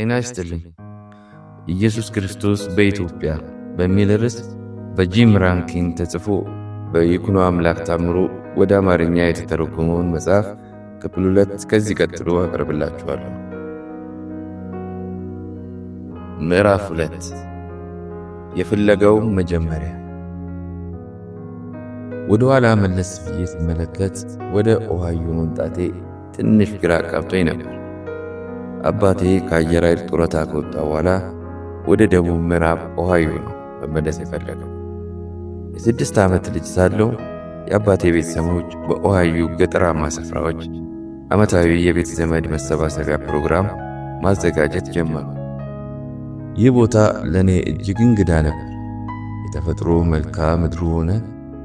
ጤና ይስጥልኝ። ኢየሱስ ክርስቶስ በኢትዮጵያ በሚል ርዕስ በጂም ራንኪን ተጽፎ በይኩኖ አምላክ ታምሮ ወደ አማርኛ የተተረጎመውን መጽሐፍ ክፍል ሁለት ከዚህ ቀጥሎ አቀርብላችኋለሁ። ምዕራፍ ሁለት የፍለጋው መጀመሪያ። ወደ ኋላ መለስ ብዬ ስመለከት ወደ ኦሃዮ መምጣቴ ትንሽ ግራ አጋብቶኝ ነበር። አባቴ ከአየር ኃይል ጡረታ ከወጣ በኋላ ወደ ደቡብ ምዕራብ ኦሃዮ ነው መመለስ የፈለገው። የስድስት ዓመት ልጅ ሳለው የአባቴ ቤተሰቦች በኦሃዮ ገጠራማ ስፍራዎች ዓመታዊ የቤት ዘመድ መሰባሰቢያ ፕሮግራም ማዘጋጀት ጀመሩ። ይህ ቦታ ለእኔ እጅግ እንግዳ ነበር። የተፈጥሮ መልክዓ ምድሩ ሆነ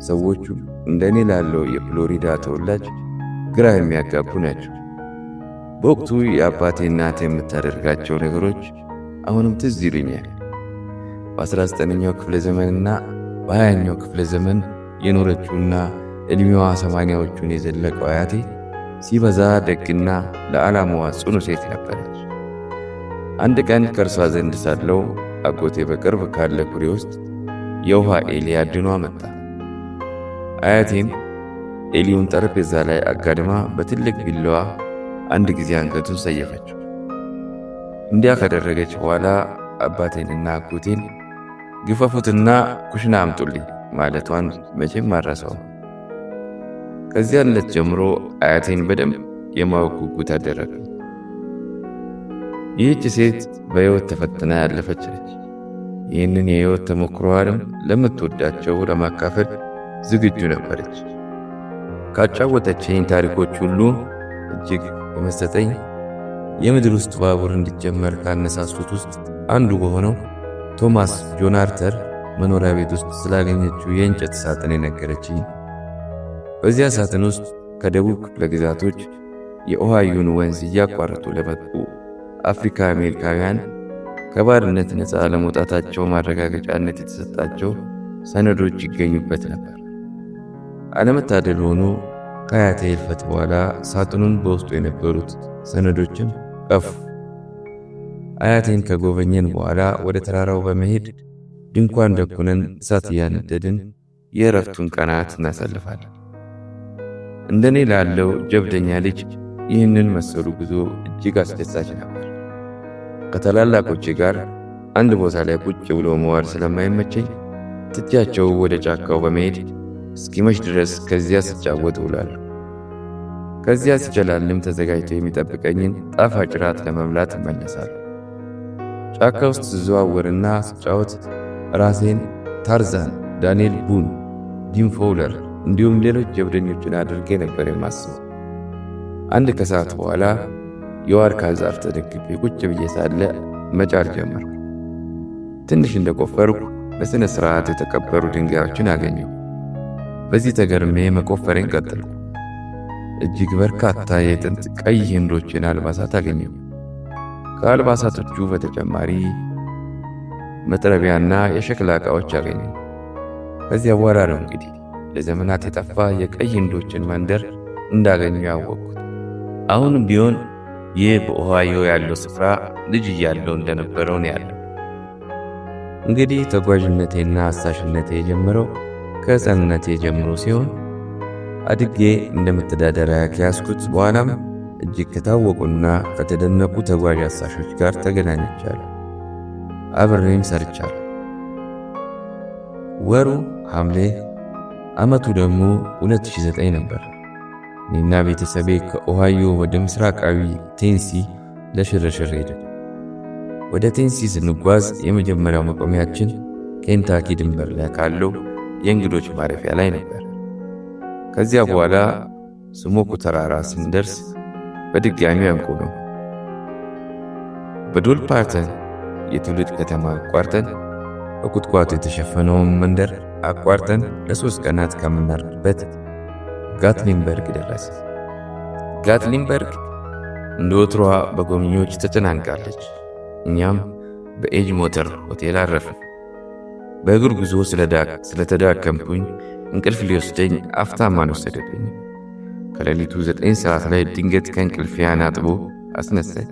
ሰዎቹ እንደኔ ላለው የፍሎሪዳ ተወላጅ ግራ የሚያጋቡ ናቸው። በወቅቱ የአባቴ እናቴ የምታደርጋቸው ነገሮች አሁንም ትዝ ይሉኛል። በ19ኛው ክፍለ ዘመንና በ20ኛው ክፍለ ዘመን የኖረችውና ዕድሜዋ ሰማንያዎቹን የዘለቀው አያቴ ሲበዛ ደግና ለዓላማዋ ጽኑ ሴት ነበረች። አንድ ቀን ከእርሷ ዘንድ ሳለው አጎቴ በቅርብ ካለ ኩሬ ውስጥ የውሃ ኤሊ አድኗ መጣ። አያቴም ኤሊውን ጠረጴዛ ላይ አጋድማ በትልቅ ቢላዋ አንድ ጊዜ አንገቱን ሰየፈችው። እንዲያ ከደረገች በኋላ አባቴንና አጎቴን ግፈፉትና ኩሽና አምጡልኝ ማለቷን መቼም አረሰው። ከዚያ ዕለት ጀምሮ አያቴን በደንብ የማወቅ ጉጉት አደረገ። ይህች ሴት በሕይወት ተፈትና ያለፈች ነች። ይህንን የሕይወት ተሞክሮዋንም ለምትወዳቸው ለማካፈል ዝግጁ ነበረች። ካጫወተችኝ ታሪኮች ሁሉ እጅግ በመስጠተኝ የምድር ውስጥ ባቡር እንዲጀመር ካነሳሱት ውስጥ አንዱ በሆነው ቶማስ ጆን አርተር መኖሪያ ቤት ውስጥ ስላገኘችው የእንጨት ሳጥን የነገረችኝ። በዚያ ሳጥን ውስጥ ከደቡብ ክፍለ ግዛቶች የኦሃዮን ወንዝ እያቋረጡ ለመጡ አፍሪካ አሜሪካውያን ከባርነት ነፃ ለመውጣታቸው ማረጋገጫነት የተሰጣቸው ሰነዶች ይገኙበት ነበር። አለመታደል ሆኖ ከአያቴ ህልፈት በኋላ ሳጥኑን በውስጡ የነበሩት ሰነዶችን ጠፉ። አያቴን ከጎበኘን በኋላ ወደ ተራራው በመሄድ ድንኳን ደኩነን እሳት እያነደድን የእረፍቱን ቀናት እናሳልፋለን። እንደኔ ላለው ጀብደኛ ልጅ ይህንን መሰሉ ጉዞ እጅግ አስደሳች ነበር። ከታላላቆቼ ጋር አንድ ቦታ ላይ ቁጭ ብሎ መዋል ስለማይመቸኝ ትቻቸው ወደ ጫካው በመሄድ እስኪመሽ ድረስ ከዚያ ስጫወት ውላለሁ። ከዚያ ሲጨላልም ተዘጋጅቶ የሚጠብቀኝን ጣፋጭ ራት ለመብላት እመለሳለሁ። ጫካ ውስጥ ስዘዋወርና ስጫወት ራሴን ታርዛን፣ ዳንኤል ቡን፣ ዲም ፎውለር እንዲሁም ሌሎች ጀብደኞችን አድርጌ ነበር የማስበው። አንድ ከሰዓት በኋላ የዋርካ ዛፍ ተደግፌ ቁጭ ብዬ ሳለ መጫር ጀመርኩ። ትንሽ እንደቆፈርኩ በሥነ ሥርዓት የተቀበሩ ድንጋዮችን አገኘሁ። በዚህ ተገርሜ መቆፈሬን ቀጠልኩ። እጅግ በርካታ የጥንት ቀይ ህንዶችን አልባሳት አገኘ። ከአልባሳቶቹ በተጨማሪ መጥረቢያና የሸክላ ዕቃዎች አገኘ። ከዚያ በኋላ ነው እንግዲህ ለዘመናት የጠፋ የቀይ ህንዶችን መንደር እንዳገኙ ያወቅኩት። አሁንም ቢሆን ይህ በኦሃዮ ያለው ስፍራ ልጅ እያለው እንደነበረው ነው ያለው። እንግዲህ ተጓዥነቴና አሳሽነቴ የጀመረው ከህፃንነቴ ጀምሮ ሲሆን አድጌ እንደ መተዳደሪያ ከያዝኩት በኋላም እጅግ ከታወቁና ከተደነቁ ተጓዥ አሳሾች ጋር ተገናኝቻለሁ። አብሬም ሰርቻለሁ። ወሩ ሐምሌ፣ ዓመቱ ደግሞ 2009 ነበር። እኔና ቤተሰቤ ከኦሃዮ ወደ ምስራቃዊ ቴንሲ ለሽርሽር ሄደ። ወደ ቴንሲ ስንጓዝ የመጀመሪያው መቆሚያችን ኬንታኪ ድንበር ላይ ካለው የእንግዶች ማረፊያ ላይ ነበር። ከዚያ በኋላ ስሞኩ ተራራ ስንደርስ በድጋሚ ያንቆ ነው። ፓርተን የትውልድ ከተማ አቋርጠን በቁጥቋጦ የተሸፈነውን መንደር አቋርጠን ለሶስት ቀናት ከምናርፍበት ጋትሊንበርግ ደረስ። ጋትሊንበርግ እንደ ወትሮዋ በጎብኚዎች ተጨናንቃለች። እኛም በኤጅ ሞተር ሆቴል አረፍን። በእግር ጉዞ ስለተዳከምኩኝ እንቅልፍ ሊወስደኝ አፍታም ወሰደብኝ። ከሌሊቱ ዘጠኝ ሰዓት ላይ ድንገት ከእንቅልፊያ አጥቦ አስነሳኝ።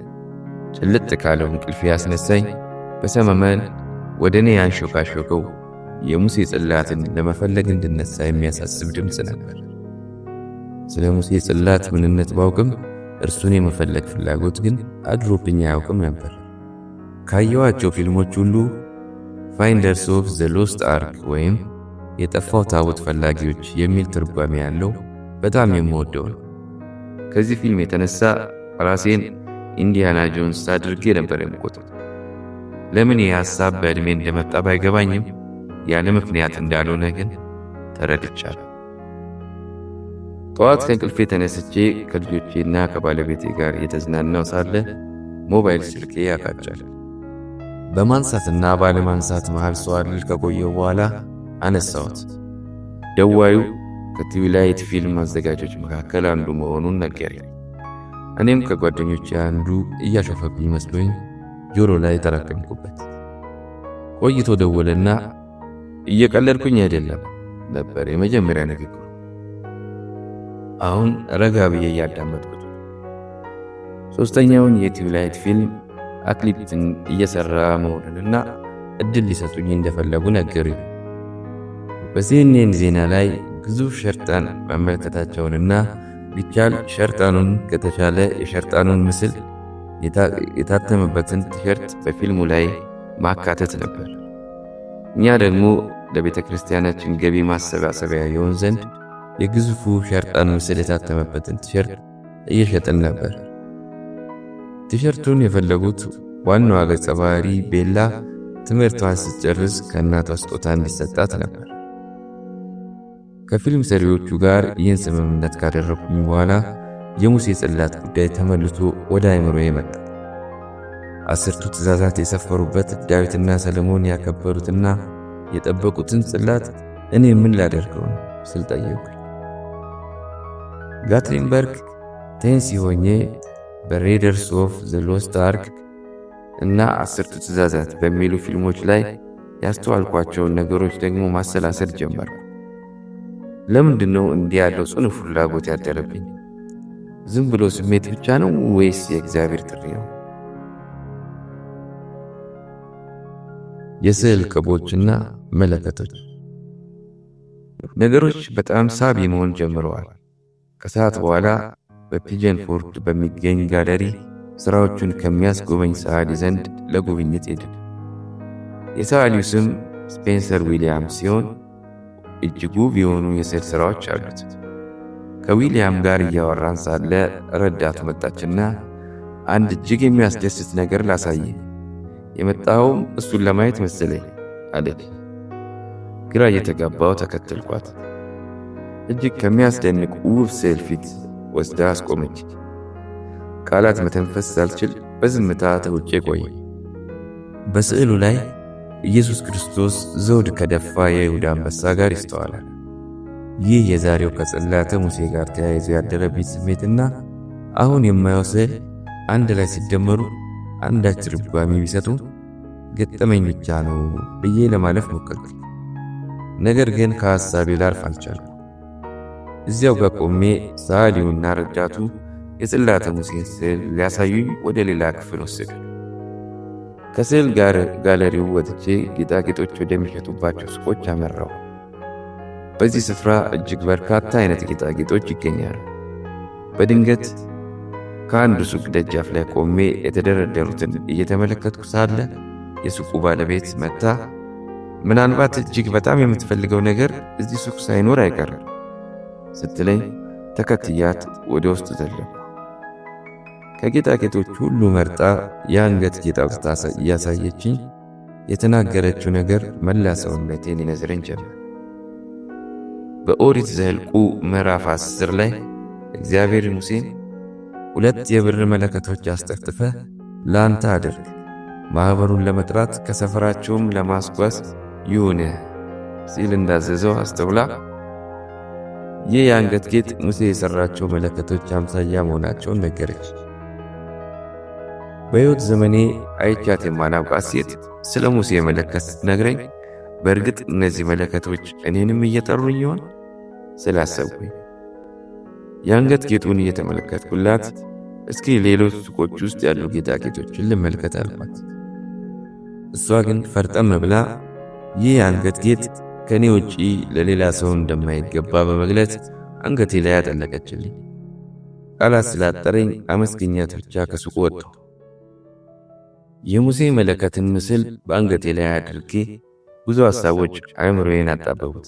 ጭልጥ ካለው እንቅልፊያ አስነሳኝ። በሰመመን ወደ እኔ ያንሾካሾከው የሙሴ ጽላትን ለመፈለግ እንድነሳ የሚያሳስብ ድምፅ ነበር። ስለ ሙሴ ጽላት ምንነት ባውቅም እርሱን የመፈለግ ፍላጎት ግን አድሮብኝ አያውቅም ነበር። ካየዋቸው ፊልሞች ሁሉ ፋይንደርስ ኦፍ ዘ ሎስት አርክ ወይም የጠፋው ታቦት ፈላጊዎች የሚል ትርጓሜ ያለው በጣም የምወደው ነው። ከዚህ ፊልም የተነሳ ራሴን ኢንዲያና ጆንስ አድርጌ ነበር የምቆጥር። ለምን ይህ ሀሳብ በዕድሜ እንደመጣ ባይገባኝም ያለ ምክንያት እንዳልሆነ ግን ተረድቻለሁ። ጠዋት ከእንቅልፌ ተነስቼ ከልጆቼና ከባለቤቴ ጋር የተዝናናው ሳለ ሞባይል ስልኬ ያቃጫል። በማንሳትና ባለማንሳት መሃል ሰዋልል ከቆየው በኋላ አነሳሁት። ደዋዩ ከትዊላይት ፊልም አዘጋጆች መካከል አንዱ መሆኑን ነገረኝ። እኔም ከጓደኞች አንዱ እያሾፈብኝ መስሎኝ ጆሮ ላይ ተረቀምኩበት። ቆይቶ ደወለና እየቀለድኩኝ አይደለም ነበር የመጀመሪያ ንግግሩ። አሁን ረጋ ብዬ እያዳመጥኩት ሶስተኛውን የትዊላይት ፊልም አክሊፕትን እየሰራ መሆኑንና እድል ሊሰጡኝ እንደፈለጉ ነገሩኝ። በሲኤንኤን ዜና ላይ ግዙፍ ሸርጣን መመልከታቸውንና ቢቻል ሸርጣኑን ከተቻለ የሸርጣኑን ምስል የታተመበትን ቲሸርት በፊልሙ ላይ ማካተት ነበር። እኛ ደግሞ ለቤተ ክርስቲያናችን ገቢ ማሰባሰቢያ የሆን ዘንድ የግዙፉ ሸርጣን ምስል የታተመበትን ቲሸርት እየሸጥን ነበር። ቲሸርቱን የፈለጉት ዋናዋ ገጸ ባህሪ ቤላ ትምህርቷን ስትጨርስ ከእናቷ ስጦታ እንዲሰጣት ነበር። ከፊልም ሰሪዎቹ ጋር ይህን ስምምነት ካደረጉኝ በኋላ የሙሴ ጽላት ጉዳይ ተመልሶ ወደ አይምሮ የመጣ አስርቱ ትእዛዛት የሰፈሩበት ዳዊትና ሰለሞን ያከበሩትና የጠበቁትን ጽላት እኔ ምን ላደርገው ነው ስል ጠየቁ። ጋትሪንበርግ ቴንሲ ሆኜ በሬደርስ ኦፍ ዘ ሎስት አርክ እና አስርቱ ትእዛዛት በሚሉ ፊልሞች ላይ ያስተዋልኳቸውን ነገሮች ደግሞ ማሰላሰል ጀመርኩ። ለምንድን ነው እንዲህ ያለው ጽኑ ፍላጎት ያደረብኝ? ዝም ብሎ ስሜት ብቻ ነው ወይስ የእግዚአብሔር ጥሪ ነው? የስዕል ቅቦችና መለከቶች ነገሮች በጣም ሳቢ መሆን ጀምረዋል። ከሰዓት በኋላ በፒጀንፖርድ በሚገኝ ጋለሪ ስራዎቹን ከሚያስጎበኝ ሰዓሊ ዘንድ ለጉብኝት ሄድን። የሰዓሊው ስም ስፔንሰር ዊሊያምስ ሲሆን እጅግ ውብ የሆኑ የሴት ሥራዎች አሉት። ከዊልያም ጋር እያወራን ሳለ ረዳት መጣችና አንድ እጅግ የሚያስደስት ነገር ላሳየ፣ የመጣውም እሱን ለማየት መሰለኝ አለች። ግራ እየተጋባው ተከተልኳት። እጅግ ከሚያስደንቅ ውብ ስዕል ፊት ወስዳ አስቆመች። ቃላት መተንፈስ ሳልችል በዝምታ ተውጬ ቆየ። በስዕሉ ላይ ኢየሱስ ክርስቶስ ዘውድ ከደፋ የይሁዳ አንበሳ ጋር ይስተዋላል። ይህ የዛሬው ከጽላተ ሙሴ ጋር ተያይዞ ያደረብኝ ስሜትና አሁን የማየው ስዕል አንድ ላይ ሲደመሩ አንዳች ትርጓሜ ቢሰጡ ገጠመኝ ብቻ ነው ብዬ ለማለፍ ሞከርኩ። ነገር ግን ከሐሳቤ ላርፍ አልቻልኩ። እዚያው ጋር ቆሜ ሰዓሊውና ረዳቱ የጽላተ ሙሴን ስዕል ሊያሳዩኝ ወደ ሌላ ክፍል ወሰዱ። ከስዕል ጋር ጋለሪው ወጥቼ ጌጣጌጦች ወደሚሸጡባቸው ሱቆች አመራው። በዚህ ስፍራ እጅግ በርካታ አይነት ጌጣጌጦች ይገኛሉ። በድንገት ከአንዱ ሱቅ ደጃፍ ላይ ቆሜ የተደረደሩትን እየተመለከትኩ ሳለ የሱቁ ባለቤት መታ ምናልባት እጅግ በጣም የምትፈልገው ነገር እዚህ ሱቅ ሳይኖር አይቀርም ስትለኝ ተከትያት ወደ ውስጥ ዘለኩ። ከጌጣጌጦች ሁሉ መርጣ የአንገት ጌጥ አውጥታ እያሳየችኝ የተናገረችው ነገር መላ ሰውነቴን ይነዝረኝ ጀመር። በኦሪት ዘልቁ ምዕራፍ 10 ላይ እግዚአብሔር ሙሴን ሁለት የብር መለከቶች አስጠፍጥፈ ለአንተ አድርግ፣ ማኅበሩን ለመጥራት ከሰፈራቸውም ለማስጓዝ ይሁንህ ሲል እንዳዘዘው አስተውላ። ይህ የአንገት ጌጥ ሙሴ የሠራቸው መለከቶች አምሳያ መሆናቸውን ነገረች። በሕይወት ዘመኔ አይቻት የማናውቃት ሴት ስለ ሙሴ መለከት ስትነግረኝ በእርግጥ እነዚህ መለከቶች እኔንም እየጠሩኝ ይሆን ስላሰብኩኝ የአንገት ጌጡን እየተመለከትኩላት እስኪ ሌሎች ሱቆች ውስጥ ያሉ ጌጣጌጦችን ልመልከት አልኳት። እሷ ግን ፈርጠም ብላ ይህ የአንገት ጌጥ ከእኔ ውጪ ለሌላ ሰው እንደማይገባ በመግለጽ አንገቴ ላይ አጠለቀችልኝ። ቃላት ስላጠረኝ አመስገኛት ብቻ ከሱቁ ወጥተው የሙሴ መለከትን ምስል በአንገቴ ላይ አድርጌ ብዙ ሐሳቦች አእምሮዬን አጣበቡት።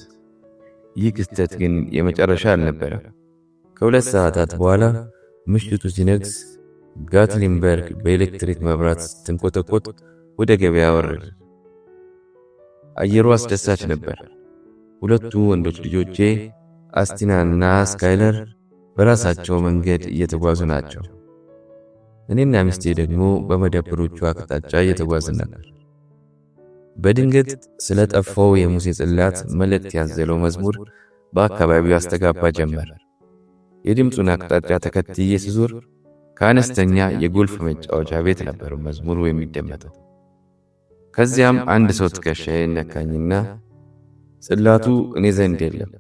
ይህ ክስተት ግን የመጨረሻ አልነበረ። ከሁለት ሰዓታት በኋላ ምሽቱ ሲነግስ ጋትሊንበርግ በኤሌክትሪክ መብራት ስትንቆጠቆጥ ወደ ገበያ ወረድ። አየሩ አስደሳች ነበር። ሁለቱ ወንዶች ልጆቼ አስቲናና ስካይለር በራሳቸው መንገድ እየተጓዙ ናቸው። እኔና ሚስቴ ደግሞ በመደብሮቹ አቅጣጫ እየተጓዝን ነበር። በድንገት ስለ ጠፋው የሙሴ ጽላት መልእክት ያዘለው መዝሙር በአካባቢው አስተጋባ ጀመር። የድምፁን አቅጣጫ ተከትዬ ስዞር ከአነስተኛ የጎልፍ መጫወቻ ቤት ነበር መዝሙሩ የሚደመጠው። ከዚያም አንድ ሰው ትከሻ ነካኝና ጽላቱ እኔ ዘንድ የለም፣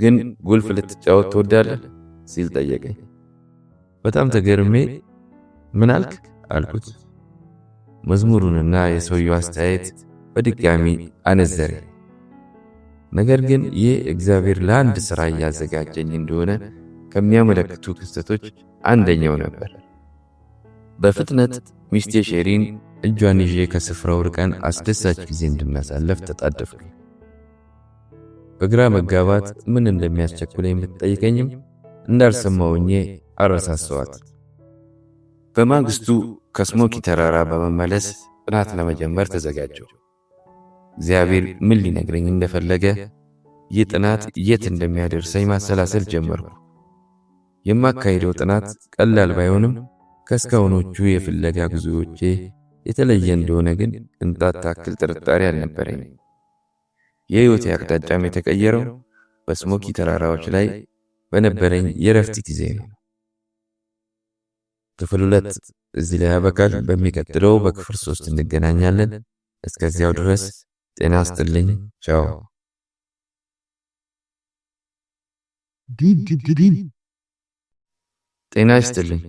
ግን ጎልፍ ልትጫወት ትወዳለህ ሲል ጠየቀኝ። በጣም ተገርሜ ምን አልክ አልኩት። መዝሙሩንና የሰውየው አስተያየት በድጋሚ አነዘሬ። ነገር ግን ይህ እግዚአብሔር ለአንድ ሥራ እያዘጋጀኝ እንደሆነ ከሚያመለክቱ ክስተቶች አንደኛው ነበር። በፍጥነት ሚስቴ ሼሪን እጇን ይዤ ከስፍራው ርቀን አስደሳች ጊዜ እንድናሳለፍ ተጣደፍኩ። በግራ መጋባት ምን እንደሚያስቸኩለኝ የምትጠይቀኝም እንዳልሰማውኜ አረሳሰዋት። በማግስቱ ከስሞኪ ተራራ በመመለስ ጥናት ለመጀመር ተዘጋጀው። እግዚአብሔር ምን ሊነግረኝ እንደፈለገ ይህ ጥናት የት እንደሚያደርሰኝ ማሰላሰል ጀመርኩ። የማካሄደው ጥናት ቀላል ባይሆንም ከእስካሁኖቹ የፍለጋ ጉዞዎቼ የተለየ እንደሆነ ግን ቅንጣት ታክል ጥርጣሬ አልነበረኝም። የሕይወቴ አቅጣጫም የተቀየረው በስሞኪ ተራራዎች ላይ በነበረኝ የረፍት ጊዜ ነው። ክፍል ሁለት እዚህ ላይ ያበቃል። በሚቀጥለው በክፍል ሶስት እንገናኛለን። እስከዚያው ድረስ ጤና ስጥልኝ። ቻው። ጤና ይስጥልኝ።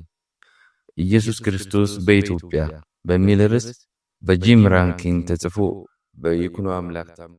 ኢየሱስ ክርስቶስ በኢትዮጵያ በሚል ርዕስ በጂም ራንኪን ተጽፎ በይኩኖ አምላክ